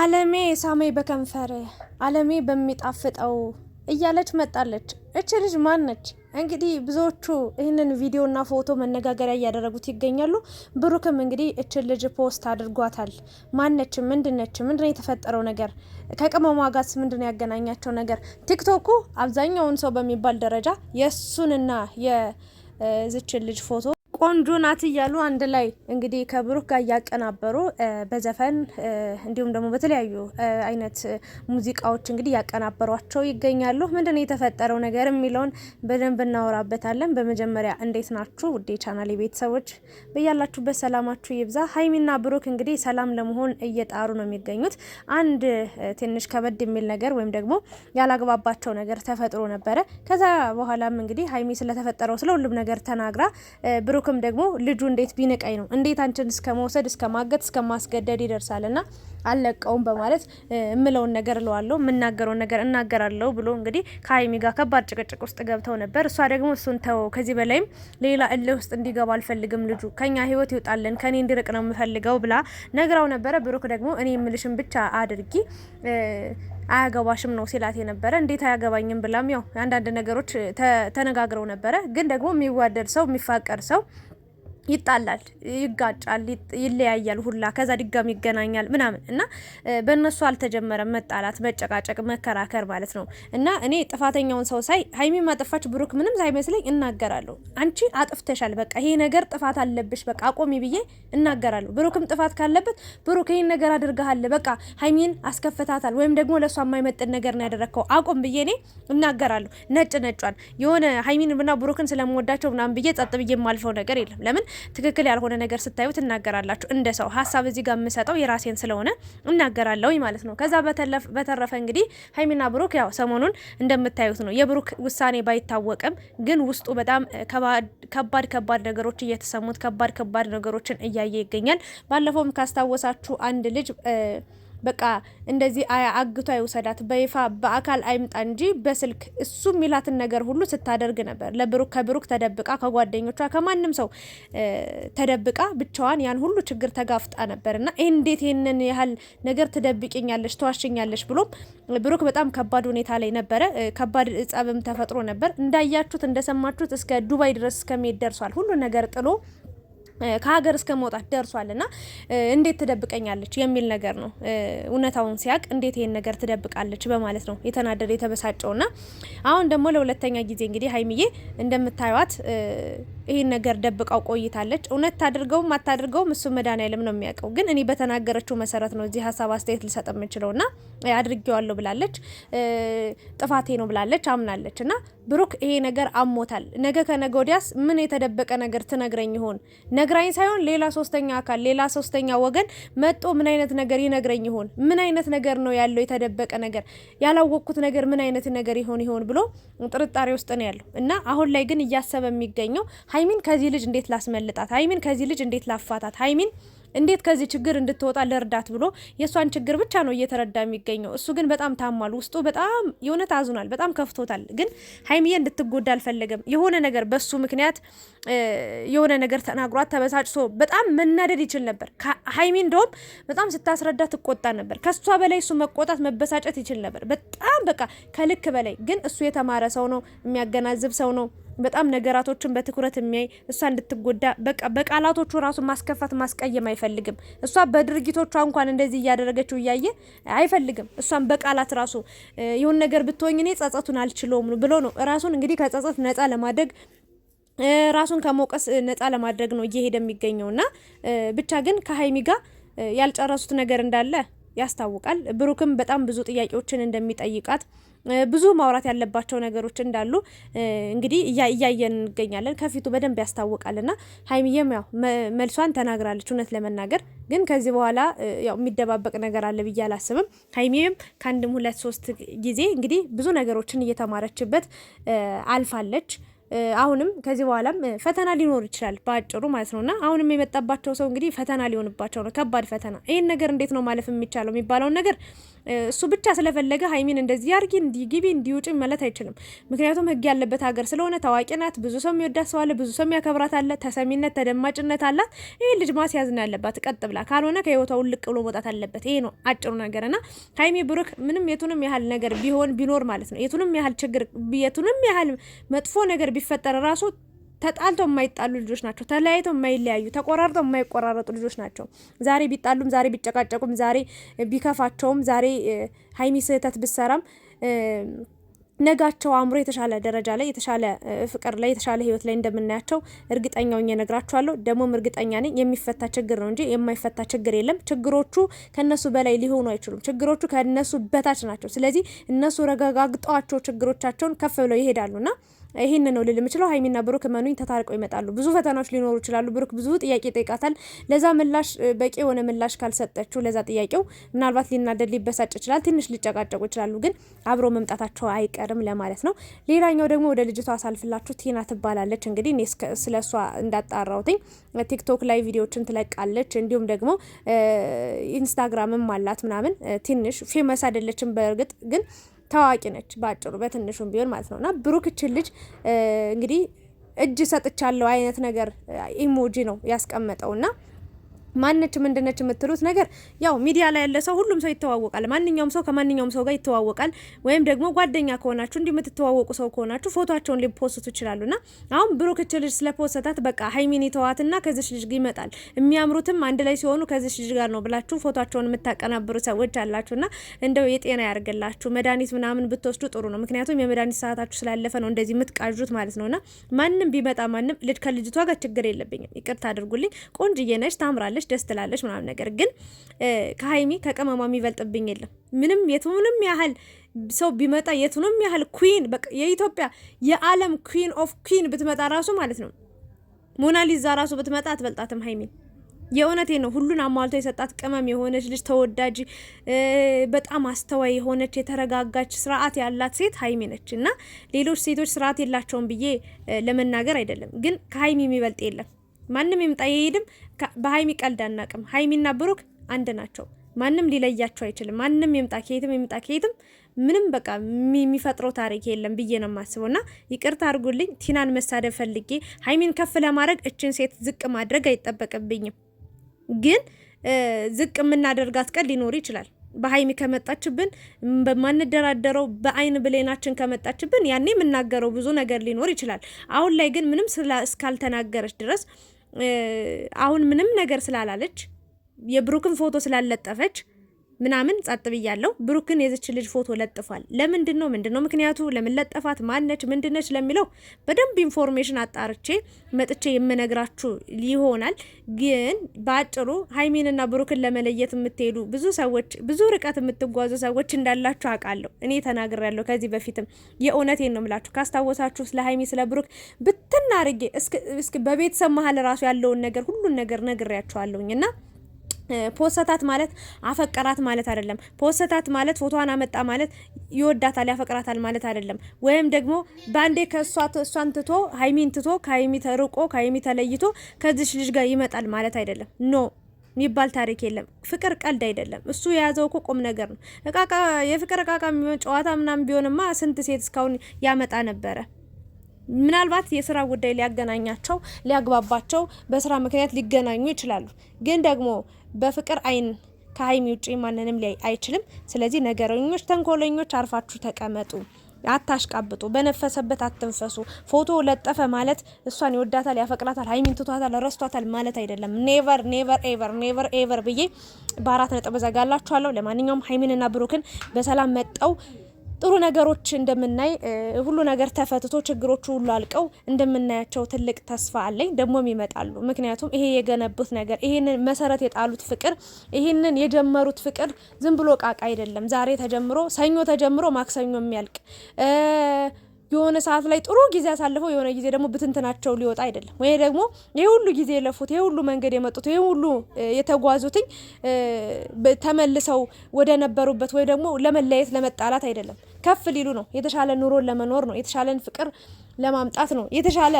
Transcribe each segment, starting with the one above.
አለሜ ሳሜ በከንፈር አለሜ በሚጣፍጠው እያለች መጣለች። እች ልጅ ማን ነች? እንግዲህ ብዙዎቹ ይህንን ቪዲዮና ፎቶ መነጋገሪያ እያደረጉት ይገኛሉ። ብሩክም እንግዲህ እች ልጅ ፖስት አድርጓታል። ማነች? ምንድነች? ምንድነው የተፈጠረው ነገር? ከቅመሟ ጋርስ ምንድነው ያገናኛቸው ነገር? ቲክቶኩ አብዛኛውን ሰው በሚባል ደረጃ የእሱንና የዝችን ልጅ ፎቶ ቆንጆ ናት እያሉ አንድ ላይ እንግዲህ ከብሩክ ጋር እያቀናበሩ በዘፈን እንዲሁም ደግሞ በተለያዩ አይነት ሙዚቃዎች እንግዲህ እያቀናበሯቸው ይገኛሉ። ምንድን ነው የተፈጠረው ነገር የሚለውን በደንብ እናወራበታለን። በመጀመሪያ እንዴት ናችሁ ውዴ ቻናል ቤተሰቦች፣ በያላችሁበት ሰላማችሁ ይብዛ። ሀይሚና ብሩክ እንግዲህ ሰላም ለመሆን እየጣሩ ነው የሚገኙት። አንድ ትንሽ ከበድ የሚል ነገር ወይም ደግሞ ያላግባባቸው ነገር ተፈጥሮ ነበረ። ከዛ በኋላም እንግዲህ ሀይሚ ስለተፈጠረው ስለ ሁሉም ነገር ተናግራ ብሩክ ብሩክም ደግሞ ልጁ እንዴት ቢንቀኝ ነው እንዴት አንቺን እስከ መውሰድ እስከ ማገት እስከ ማስገደድ ይደርሳል ና አለቀውም በማለት እምለውን ነገር እለዋለሁ የምናገረውን ነገር እናገራለሁ ብሎ እንግዲህ ከሀይሚ ጋር ከባድ ጭቅጭቅ ውስጥ ገብተው ነበር። እሷ ደግሞ እሱን ተው፣ ከዚህ በላይም ሌላ እልህ ውስጥ እንዲገባ አልፈልግም፣ ልጁ ከኛ ህይወት ይውጣልን፣ ከኔ እንዲርቅ ነው የምፈልገው ብላ ነግራው ነበረ። ብሩክ ደግሞ እኔ የምልሽን ብቻ አድርጊ አያገባሽም ነው ሲላት የነበረ። እንዴት አያገባኝም ብላም ያው አንዳንድ ነገሮች ተነጋግረው ነበረ። ግን ደግሞ የሚዋደድ ሰው የሚፋቀር ሰው ይጣላል፣ ይጋጫል፣ ይለያያል ሁላ ከዛ ድጋሚ ይገናኛል ምናምን እና በእነሱ አልተጀመረም መጣላት፣ መጨቃጨቅ፣ መከራከር ማለት ነው። እና እኔ ጥፋተኛውን ሰው ሳይ ሀይሚ ማጠፋች ብሩክ ምንም ሳይመስለኝ እናገራለሁ። አንቺ አጥፍተሻል፣ በቃ ይሄ ነገር ጥፋት አለብሽ፣ በቃ አቆሚ ብዬ እናገራለሁ። ብሩክም ጥፋት ካለበት ብሩክ ይህን ነገር አድርገሃል፣ በቃ ሀይሚን አስከፍታታል፣ ወይም ደግሞ ለእሷ የማይመጥን ነገር ነው ያደረግከው፣ አቁም ብዬ እኔ እናገራለሁ። ነጭ ነጯን የሆነ ሀይሚን ብና ብሩክን ስለምወዳቸው ምናምን ብዬ ጸጥ ብዬ የማልፈው ነገር የለም። ለምን ትክክል ያልሆነ ነገር ስታዩ ትናገራላችሁ። እንደ ሰው ሀሳብ እዚህ ጋር የምሰጠው የራሴን ስለሆነ እናገራለሁ ማለት ነው። ከዛ በተረፈ እንግዲህ ሀይሚና ብሩክ ያው ሰሞኑን እንደምታዩት ነው። የብሩክ ውሳኔ ባይታወቅም ግን ውስጡ በጣም ከባድ ከባድ ነገሮች እየተሰሙት ከባድ ከባድ ነገሮችን እያየ ይገኛል። ባለፈውም ካስታወሳችሁ አንድ ልጅ በቃ እንደዚህ አያ አግቶ አይውሰዳት፣ በይፋ በአካል አይምጣ እንጂ በስልክ እሱ የሚላትን ነገር ሁሉ ስታደርግ ነበር። ለብሩክ ከብሩክ ተደብቃ ከጓደኞቿ ከማንም ሰው ተደብቃ ብቻዋን ያን ሁሉ ችግር ተጋፍጣ ነበር እና እንዴት ይህንን ያህል ነገር ትደብቅኛለሽ፣ ተዋሽኛለሽ ብሎም ብሩክ በጣም ከባድ ሁኔታ ላይ ነበረ። ከባድ ጸብም ተፈጥሮ ነበር። እንዳያችሁት እንደሰማችሁት እስከ ዱባይ ድረስ እስከሚሄድ ደርሷል። ሁሉ ነገር ጥሎ ከሀገር እስከ መውጣት ደርሷል እንዴት ትደብቀኛለች የሚል ነገር ነው። እውነታውን ሲያቅ እንዴት ይህን ነገር ትደብቃለች በማለት ነው የተናደደ የተበሳጨውና አሁን ደግሞ ለሁለተኛ ጊዜ እንግዲህ ሀይሚዬ እንደምታዩት ይህን ነገር ደብቃው ቆይታለች። እውነት ታድርገውም አታድርገውም እሱ መድኃኒዓለም ነው የሚያውቀው። ግን እኔ በተናገረችው መሰረት ነው እዚህ ሀሳብ አስተያየት ልሰጥ የምችለው ና አድርጌዋለሁ ብላለች። ጥፋቴ ነው ብላለች፣ አምናለች እና ብሩክ ይሄ ነገር አሞታል። ነገ ከነገ ወዲያስ ምን የተደበቀ ነገር ትነግረኝ ይሆን? ነግራኝ ሳይሆን ሌላ ሶስተኛ አካል ሌላ ሶስተኛ ወገን መጦ ምን አይነት ነገር ይነግረኝ ይሆን? ምን አይነት ነገር ነው ያለው የተደበቀ ነገር ያላወቅኩት ነገር ምን አይነት ነገር ይሆን ይሆን ብሎ ጥርጣሬ ውስጥ ነው ያለው እና አሁን ላይ ግን እያሰበ የሚገኘው ሀይሚን ከዚህ ልጅ እንዴት ላስመልጣት፣ ሀይሚን ከዚህ ልጅ እንዴት ላፋታት፣ ሀይሚን እንዴት ከዚህ ችግር እንድትወጣ ልርዳት ብሎ የእሷን ችግር ብቻ ነው እየተረዳ የሚገኘው። እሱ ግን በጣም ታሟል፣ ውስጡ በጣም የእውነት አዝኗል፣ በጣም ከፍቶታል። ግን ሀይሚዬ እንድትጎዳ አልፈለገም። የሆነ ነገር በሱ ምክንያት የሆነ ነገር ተናግሯት ተበሳጭሶ በጣም መናደድ ይችል ነበር። ሀይሚ እንደውም በጣም ስታስረዳ ትቆጣ ነበር። ከእሷ በላይ እሱ መቆጣት መበሳጨት ይችል ነበር። በጣም በቃ ከልክ በላይ ግን እሱ የተማረ ሰው ነው፣ የሚያገናዝብ ሰው ነው። በጣም ነገራቶችን በትኩረት የሚያይ እሷ እንድትጎዳ በቃ በቃላቶቹ ራሱ ማስከፋት ማስቀየም አይፈልግም። እሷ በድርጊቶቿ እንኳን እንደዚህ እያደረገችው እያየ አይፈልግም። እሷን በቃላት ራሱ ይሁን ነገር ብትወኝ እኔ ጸጸቱን አልችለውም ብሎ ነው ራሱን እንግዲህ ከጸጸት ነጻ ለማድረግ ራሱን ከመውቀስ ነጻ ለማድረግ ነው እየሄደ የሚገኘውና ብቻ ግን ከሀይሚ ጋር ያልጨረሱት ነገር እንዳለ ያስታውቃል። ብሩክም በጣም ብዙ ጥያቄዎችን እንደሚጠይቃት ብዙ ማውራት ያለባቸው ነገሮች እንዳሉ እንግዲህ እያየን እንገኛለን። ከፊቱ በደንብ ያስታውቃል ና ሀይሚየም ያው መልሷን ተናግራለች። እውነት ለመናገር ግን ከዚህ በኋላ ያው የሚደባበቅ ነገር አለ ብዬ አላስብም። ሀይሚየም ከአንድም ሁለት ሶስት ጊዜ እንግዲህ ብዙ ነገሮችን እየተማረችበት አልፋለች። አሁንም ከዚህ በኋላም ፈተና ሊኖር ይችላል በአጭሩ ማለት ነውና አሁንም የመጣባቸው ሰው እንግዲህ ፈተና ሊሆንባቸው ነው። ከባድ ፈተና። ይህን ነገር እንዴት ነው ማለፍ የሚቻለው የሚባለውን ነገር እሱ ብቻ ስለፈለገ ሀይሚን እንደዚህ አርጊ፣ እንዲህ ግቢ፣ እንዲህ ማለት አይችልም። ምክንያቱም ህግ ያለበት ሀገር ስለሆነ ታዋቂ ናት። ብዙ ሰው የሚወዳት ሰው አለ፣ ብዙ ሰው የሚያከብራት አለ፣ ተሰሚነት ተደማጭነት አላት። ይህ ልጅ ማስያዝ ነው ያለባት ቀጥ ብላ፣ ካልሆነ ከህይወቷ ውልቅ ብሎ መውጣት አለበት። ይሄ ነው አጭሩ ነገር እና ሀይሚ ብሩክ ምንም የቱንም ያህል ነገር ቢሆን ቢኖር ማለት ነው የቱንም ያህል ችግር የቱንም ያህል መጥፎ ነገር ቢፈጠር ራሱ ተጣልቶ የማይጣሉ ልጆች ናቸው። ተለያይቶ የማይለያዩ ተቆራርጦ የማይቆራረጡ ልጆች ናቸው። ዛሬ ቢጣሉም፣ ዛሬ ቢጨቃጨቁም፣ ዛሬ ቢከፋቸውም፣ ዛሬ ሀይሚ ስህተት ብሰራም ነጋቸው አእምሮ የተሻለ ደረጃ ላይ የተሻለ ፍቅር ላይ የተሻለ ህይወት ላይ እንደምናያቸው እርግጠኛው እኛ ነግራችኋለሁ። ደግሞም እርግጠኛ ነኝ የሚፈታ ችግር ነው እንጂ የማይፈታ ችግር የለም። ችግሮቹ ከነሱ በላይ ሊሆኑ አይችሉም። ችግሮቹ ከነሱ በታች ናቸው። ስለዚህ እነሱ ረጋጋግጠዋቸው ችግሮቻቸውን ከፍ ብለው ይሄዳሉና ይህን ነው ልል የምችለው። ሀይሚና ብሩክ መኑኝ ተታርቀው ይመጣሉ። ብዙ ፈተናዎች ሊኖሩ ይችላሉ። ብሩክ ብዙ ጥያቄ ይጠይቃታል። ለዛ ምላሽ በቂ የሆነ ምላሽ ካልሰጠችው ለዛ ጥያቄው ምናልባት ሊናደድ ሊበሳጭ ይችላል። ትንሽ ሊጨቃጨቁ ይችላሉ። ግን አብሮ መምጣታቸው አይቀርም ለማለት ነው። ሌላኛው ደግሞ ወደ ልጅቷ አሳልፍላችሁ ቲና ትባላለች። እንግዲህ እኔ ስለ እሷ እንዳጣራውትኝ ቲክቶክ ላይ ቪዲዮችን ትለቃለች። እንዲሁም ደግሞ ኢንስታግራምም አላት ምናምን። ትንሽ ፌመስ አይደለችም በእርግጥ ግን ታዋቂ ነች ባጭሩ በትንሹም ቢሆን ማለት ነው። እና ብሩክ እችን ልጅ እንግዲህ እጅ ሰጥቻለሁ አይነት ነገር ኢሞጂ ነው ያስቀመጠው እና ማነች ምንድነች የምትሉት ነገር ያው ሚዲያ ላይ ያለ ሰው ሁሉም ሰው ይተዋወቃል። ማንኛውም ሰው ከማንኛውም ሰው ጋር ይተዋወቃል። ወይም ደግሞ ጓደኛ ከሆናችሁ እንዲህ የምትተዋወቁ ሰው ከሆናችሁ ፎቶቸውን ሊፖስቱ ና አሁን ብሩክች ልጅ ስለፖሰታት በቃ ሀይሚን ተዋትና ከዚች ልጅ ይመጣል የሚያምሩትም አንድ ላይ ሲሆኑ ከዚች ልጅ ጋር ነው ብላችሁ ፎቶቸውን የምታቀናብሩ ሰዎች አላችሁና እንደው የጤና ያርግላችሁ። መድኃኒት ምናምን ብትወስዱ ጥሩ ነው። ምክንያቱም የመድኃኒት ሰዓታችሁ ስላለፈ ነው እንደዚህ የምትቃዡት ማለት ነውና ማንም ቢመጣ ማንም ልጅ ከልጅቷ ጋር ችግር የለብኝም። ይቅርታ አድርጉልኝ። ቆንጅዬ ነች፣ ታምራለች ደስ ትላለች ምናምን። ነገር ግን ከሀይሚ ከቅመማ የሚበልጥብኝ የለም ምንም የቱንም ያህል ሰው ቢመጣ የቱንም ያህል ኩን የኢትዮጵያ የዓለም ኩን ኦፍ ኩን ብትመጣ ራሱ ማለት ነው ሞናሊዛ ራሱ ብትመጣ አትበልጣትም ሀይሚን። የእውነቴ ነው። ሁሉን አሟልቶ የሰጣት ቅመም የሆነች ልጅ ተወዳጅ፣ በጣም አስተዋይ የሆነች የተረጋጋች፣ ስርዓት ያላት ሴት ሀይሚ ነች እና ሌሎች ሴቶች ስርዓት የላቸውም ብዬ ለመናገር አይደለም፣ ግን ከሀይሚ የሚበልጥ የለም። ማንም ይምጣ ይሄድም በሀይሚ ቀልድ አናቅም። ሀይሚና ብሩክ አንድ ናቸው። ማንም ሊለያቸው አይችልም። ማንም ይምጣ ከየትም ይምጣ ከየትም ምንም በቃ የሚፈጥረው ታሪክ የለም ብዬ ነው የማስበው። ና ይቅርታ አድርጉልኝ፣ ቲናን መሳደብ ፈልጌ ሀይሚን ከፍ ለማድረግ እችን ሴት ዝቅ ማድረግ አይጠበቅብኝም። ግን ዝቅ የምናደርጋት ቀን ሊኖር ይችላል። በሀይሚ ከመጣችብን በማንደራደረው በአይን ብሌናችን ከመጣችብን ያኔ የምናገረው ብዙ ነገር ሊኖር ይችላል። አሁን ላይ ግን ምንም እስካልተናገረች ድረስ አሁን ምንም ነገር ስላላለች የብሩክን ፎቶ ስላለጠፈች ምናምን ጸጥ ብያለሁ። ብሩክን የዝች ልጅ ፎቶ ለጥፏል። ለምንድን ነው ምንድን ነው ምክንያቱ? ለምን ለጠፋት? ማነች? ምንድነች? ለሚለው በደንብ ኢንፎርሜሽን አጣርቼ መጥቼ የምነግራችሁ ይሆናል። ግን በአጭሩ ሀይሚንና ብሩክን ለመለየት የምትሄዱ ብዙ ሰዎች፣ ብዙ ርቀት የምትጓዙ ሰዎች እንዳላችሁ አውቃለሁ። እኔ ተናግሬያለሁ ከዚህ በፊትም የእውነቴን ነው የምላችሁ። ካስታወሳችሁ ስለ ሀይሚ ስለ ብሩክ ብትና አርጌ እስኪ በቤተሰብ መሀል ራሱ ያለውን ነገር ሁሉን ነገር ነግሬያችኋለሁኝ እና ፖሰታት ማለት አፈቀራት ማለት አይደለም። ፖሰታት ማለት ፎቶዋን አመጣ ማለት ይወዳታል ያፈቅራታል ማለት አይደለም። ወይም ደግሞ ባንዴ ከእሷ እሷን ትቶ ሀይሚን ትቶ ከሀይሚ ተርቆ ከሀይሚ ተለይቶ ከዚች ልጅ ጋር ይመጣል ማለት አይደለም። ኖ የሚባል ታሪክ የለም። ፍቅር ቀልድ አይደለም። እሱ የያዘው እኮ ቁም ነገር ነው። እቃቃ የፍቅር እቃቃ ጨዋታ ምናምን ቢሆንማ ስንት ሴት እስካሁን ያመጣ ነበረ። ምናልባት የስራ ጉዳይ ሊያገናኛቸው ሊያግባባቸው፣ በስራ ምክንያት ሊገናኙ ይችላሉ። ግን ደግሞ በፍቅር አይን ከሀይሚ ውጪ ማንንም ሊያይ አይችልም። ስለዚህ ነገረኞች፣ ተንኮለኞች አርፋችሁ ተቀመጡ። አታሽቃብጡ። በነፈሰበት አትንፈሱ። ፎቶ ለጠፈ ማለት እሷን ይወዳታል፣ ያፈቅራታል፣ ሀይሚን ትቷታል፣ ረስቷታል ማለት አይደለም። ኔቨር ኔቨር ኤቨር ኔቨር ኤቨር ብዬ በአራት ነጥብ ዘጋላችኋለሁ። ለማንኛውም ሀይሚንና ብሩክን በሰላም መጠው ጥሩ ነገሮች እንደምናይ ሁሉ ነገር ተፈትቶ ችግሮቹ ሁሉ አልቀው እንደምናያቸው ትልቅ ተስፋ አለኝ። ደግሞም ይመጣሉ። ምክንያቱም ይሄ የገነቡት ነገር ይሄንን መሰረት የጣሉት ፍቅር ይህንን የጀመሩት ፍቅር ዝም ብሎ ቃቃ አይደለም። ዛሬ ተጀምሮ ሰኞ ተጀምሮ ማክሰኞ የሚያልቅ የሆነ ሰዓት ላይ ጥሩ ጊዜ አሳልፈው የሆነ ጊዜ ደግሞ ብትንትናቸው ሊወጣ አይደለም ወይ ደግሞ ይህ ሁሉ ጊዜ የለፉት ይህ ሁሉ መንገድ የመጡት ይህ ሁሉ የተጓዙትኝ ተመልሰው ወደ ነበሩበት ወይ ደግሞ ለመለየት ለመጣላት አይደለም። ከፍ ሊሉ ነው። የተሻለ ኑሮን ለመኖር ነው። የተሻለን ፍቅር ለማምጣት ነው። የተሻለ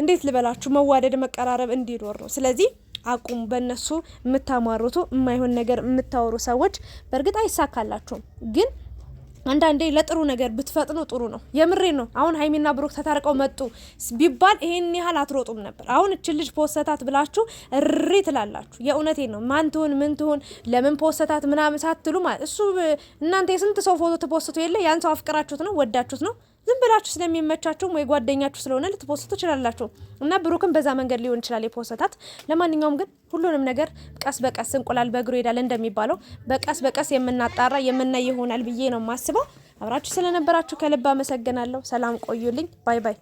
እንዴት ልበላችሁ መዋደድ፣ መቀራረብ እንዲኖር ነው። ስለዚህ አቁሙ። በእነሱ የምታሟርቱ የማይሆን ነገር የምታወሩ ሰዎች በእርግጥ አይሳካላችሁም ግን አንዳንዴ ለጥሩ ነገር ብትፈጥኑ ጥሩ ነው። የምሬ ነው። አሁን ሀይሚና ብሩክ ተታርቀው መጡ ቢባል ይሄን ያህል አትሮጡም ነበር። አሁን እችን ልጅ ፖሰታት ብላችሁ እሪ ትላላችሁ። የእውነቴ ነው። ማን ትሁን ምን ትሁን ለምን ፖሰታት ምናምን ሳትሉ ማለት እሱ እናንተ የስንት ሰው ፎቶ ትፖስቱ የለ ያን ሰው አፍቅራችሁት ነው ወዳችሁት ነው ብላችሁ ስለሚመቻችሁም ወይ ጓደኛችሁ ስለሆነ ልትፖስቱ ትችላላችሁ። እና ብሩክም በዛ መንገድ ሊሆን ይችላል የፖስታት። ለማንኛውም ግን ሁሉንም ነገር ቀስ በቀስ እንቁላል በእግሩ ሄዳል እንደሚባለው በቀስ በቀስ የምናጣራ የምናይ ይሆናል ብዬ ነው የማስበው። አብራችሁ ስለነበራችሁ ከልብ አመሰግናለሁ። ሰላም ቆዩልኝ። ባይ ባይ።